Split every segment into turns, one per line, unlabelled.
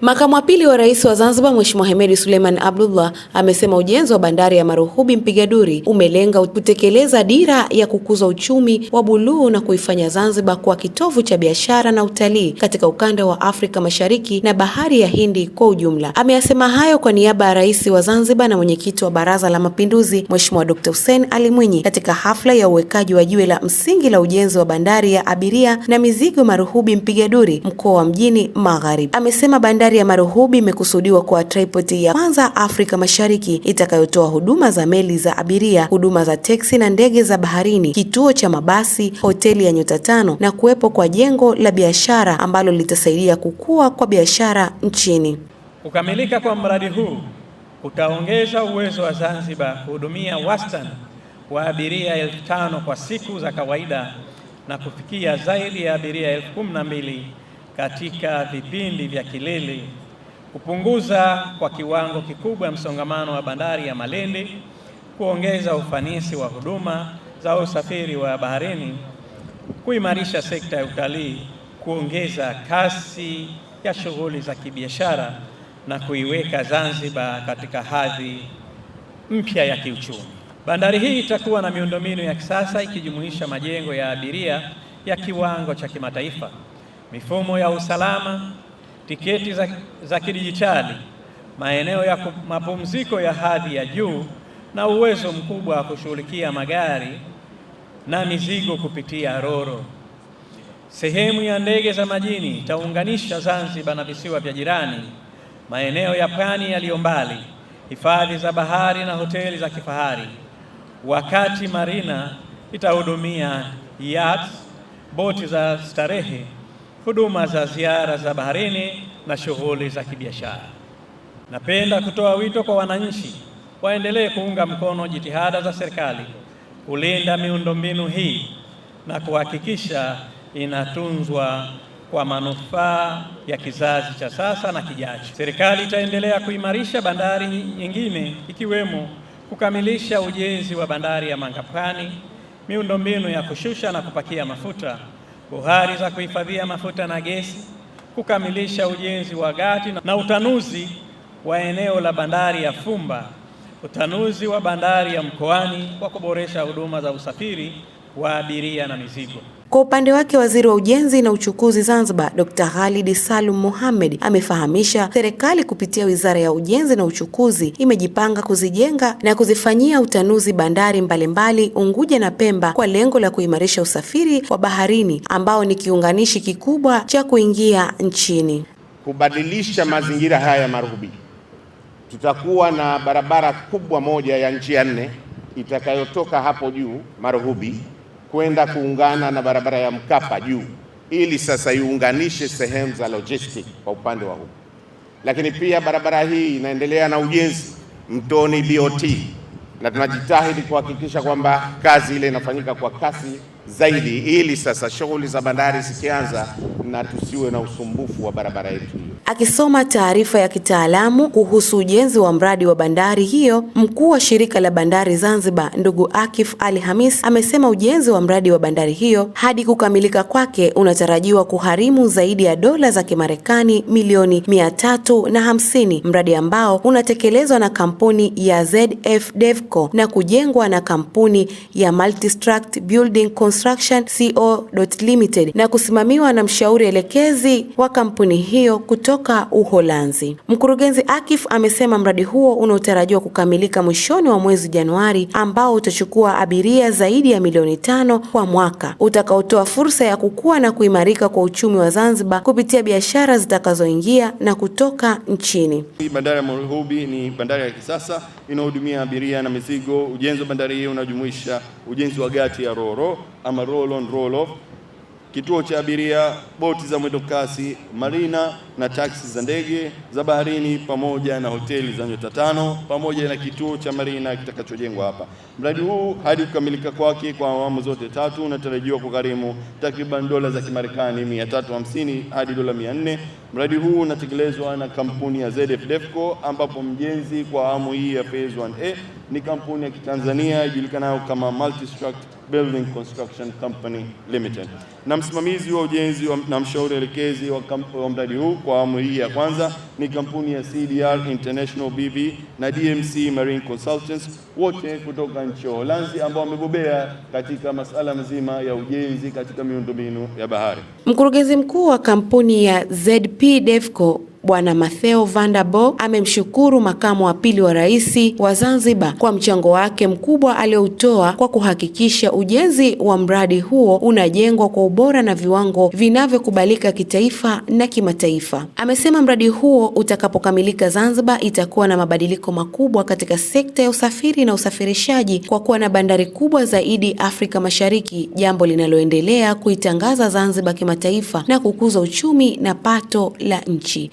Makamu wa pili wa rais wa Zanzibar Mheshimiwa Hemedi Suleiman Abdullah amesema ujenzi wa bandari ya Maruhubi Mpigaduri umelenga kutekeleza dira ya kukuza uchumi wa buluu na kuifanya Zanzibar kuwa kitovu cha biashara na utalii katika ukanda wa Afrika Mashariki na Bahari ya Hindi kwa ujumla. Ameyasema hayo kwa niaba ya rais wa Zanzibar na mwenyekiti wa Baraza la Mapinduzi Mheshimiwa Dr. Hussein Ali Mwinyi katika hafla ya uwekaji wa jiwe la msingi la ujenzi wa bandari ya abiria na mizigo Maruhubi Mpigaduri mkoa wa Mjini Magharibi. Amesema bandari Bandari ya Maruhubi imekusudiwa kuwa tripoti ya kwanza Afrika Mashariki itakayotoa huduma za meli za abiria, huduma za teksi na ndege za baharini, kituo cha mabasi, hoteli ya nyota tano na kuwepo kwa jengo la biashara ambalo litasaidia kukua kwa biashara nchini.
Kukamilika kwa mradi huu utaongeza uwezo wa Zanzibar kuhudumia wastani wa abiria elfu tano kwa siku za kawaida na kufikia zaidi ya abiria elfu kumi na mbili katika vipindi vya kilele, kupunguza kwa kiwango kikubwa msongamano wa bandari ya Malindi, kuongeza ufanisi wa huduma za usafiri wa baharini, kuimarisha sekta ya utalii, kuongeza kasi ya shughuli za kibiashara na kuiweka Zanzibar katika hadhi mpya ya kiuchumi. Bandari hii itakuwa na miundombinu ya kisasa ikijumuisha majengo ya abiria ya kiwango cha kimataifa mifumo ya usalama, tiketi za, za kidijitali, maeneo ya mapumziko ya hadhi ya juu na uwezo mkubwa wa kushughulikia magari na mizigo kupitia roro. Sehemu ya ndege za majini itaunganisha Zanzibar na visiwa vya jirani, maeneo ya pwani yaliyo mbali, hifadhi za bahari na hoteli za kifahari, wakati marina itahudumia yachts, boti za starehe huduma za ziara za baharini na shughuli za kibiashara. Napenda kutoa wito kwa wananchi waendelee kuunga mkono jitihada za serikali kulinda miundombinu hii na kuhakikisha inatunzwa kwa manufaa ya kizazi cha sasa na kijacho. Serikali itaendelea kuimarisha bandari nyingine ikiwemo kukamilisha ujenzi wa bandari ya Mangapwani, miundombinu ya kushusha na kupakia mafuta bohari za kuhifadhia mafuta na gesi, kukamilisha ujenzi wa gati na utanuzi wa eneo la bandari ya Fumba, utanuzi wa bandari ya Mkoani kwa kuboresha huduma za usafiri wa abiria na mizigo.
Kwa upande wake, waziri wa ujenzi na uchukuzi Zanzibar, Dr. Khalid Salum Mohamed amefahamisha serikali kupitia Wizara ya Ujenzi na Uchukuzi imejipanga kuzijenga na kuzifanyia utanuzi bandari mbalimbali Unguja na Pemba kwa lengo la kuimarisha usafiri wa baharini ambao ni kiunganishi kikubwa cha kuingia nchini.
Kubadilisha mazingira haya maruhubi, tutakuwa na barabara kubwa moja ya njia nne itakayotoka hapo juu Maruhubi kwenda kuungana na barabara ya Mkapa juu ili sasa iunganishe sehemu za logistic kwa upande wa huko, lakini pia barabara hii inaendelea na ujenzi Mtoni BOT, na tunajitahidi kuhakikisha kwamba kazi ile inafanyika kwa kasi zaidi, ili sasa shughuli za bandari zikianza na tusiwe na usumbufu wa barabara yetu.
Akisoma taarifa ya kitaalamu kuhusu ujenzi wa mradi wa bandari hiyo, mkuu wa shirika la bandari Zanzibar ndugu Akif Ali Hamis amesema ujenzi wa mradi wa bandari hiyo hadi kukamilika kwake unatarajiwa kuharimu zaidi ya dola za Kimarekani milioni mia tatu na hamsini, mradi ambao unatekelezwa na kampuni ya ZF Devco na kujengwa na kampuni ya Multistruct Building Construction Co Limited na kusimamiwa na mshauri elekezi wa kampuni hiyo kutoka kutoka Uholanzi. Mkurugenzi Akif amesema mradi huo unaotarajiwa kukamilika mwishoni wa mwezi Januari, ambao utachukua abiria zaidi ya milioni tano kwa mwaka, utakaotoa fursa ya kukua na kuimarika kwa uchumi wa Zanzibar kupitia biashara zitakazoingia na kutoka nchini.
Bandari ya Maruhubi ni bandari ya kisasa inayohudumia abiria na mizigo. Ujenzi wa bandari hii unajumuisha ujenzi wa gati ya roro ama roll on roll off kituo cha abiria, boti za mwendokasi, marina na taksi za ndege za baharini, pamoja na hoteli za nyota tano pamoja na kituo cha marina kitakachojengwa hapa. Mradi huu hadi kukamilika kwake kwa awamu zote tatu unatarajiwa kugharimu takriban dola za Kimarekani 350 hadi dola 400. Mradi huu unatekelezwa na kampuni ya ZF Defco, ambapo mjenzi kwa awamu hii ya phase 1A ni kampuni ya Kitanzania ijulikanayo kama Multistruct Building Construction Company Limited, na msimamizi wa ujenzi na mshauri elekezi wa, wa mradi huu kwa awamu hii ya kwanza ni kampuni ya CDR International BV na DMC Marine Consultants, wote kutoka nchi ya Uholanzi ambao wamebobea katika masuala mazima ya ujenzi katika miundombinu ya bahari.
Mkurugenzi mkuu wa kampuni ya ZP Defco Bwana Matheo Vandabo amemshukuru makamu wa pili wa rais wa Zanzibar kwa mchango wake mkubwa aliyoutoa kwa kuhakikisha ujenzi wa mradi huo unajengwa kwa ubora na viwango vinavyokubalika kitaifa na kimataifa. Amesema mradi huo utakapokamilika, Zanzibar itakuwa na mabadiliko makubwa katika sekta ya usafiri na usafirishaji kwa kuwa na bandari kubwa zaidi Afrika Mashariki, jambo linaloendelea kuitangaza Zanzibar kimataifa na kukuza uchumi na pato la nchi.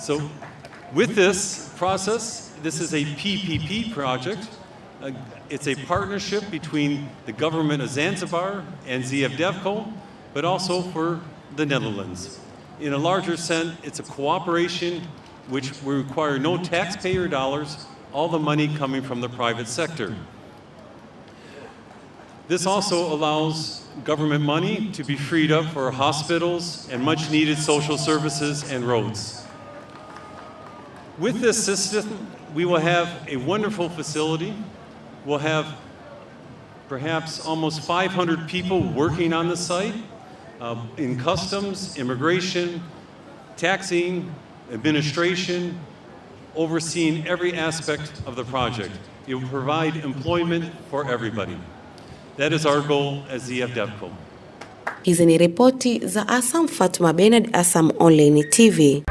So with this process, this is a PPP project. Uh, it's a partnership between the government of Zanzibar and ZFDevco, but also for the Netherlands. In a larger sense, it's a cooperation which requires require no taxpayer dollars, all the money coming from the private sector. This also allows government money to be freed up for hospitals and much needed social services and roads. With this system, we will have a wonderful facility. We'll have perhaps almost 500 people working on the site uh, in customs, immigration, taxing, administration, overseeing every aspect of the project. It will provide employment for everybody. That is our goal as EFDevCo.
Hizi ni ripoti za Asam Fatma bened Asam Online TV.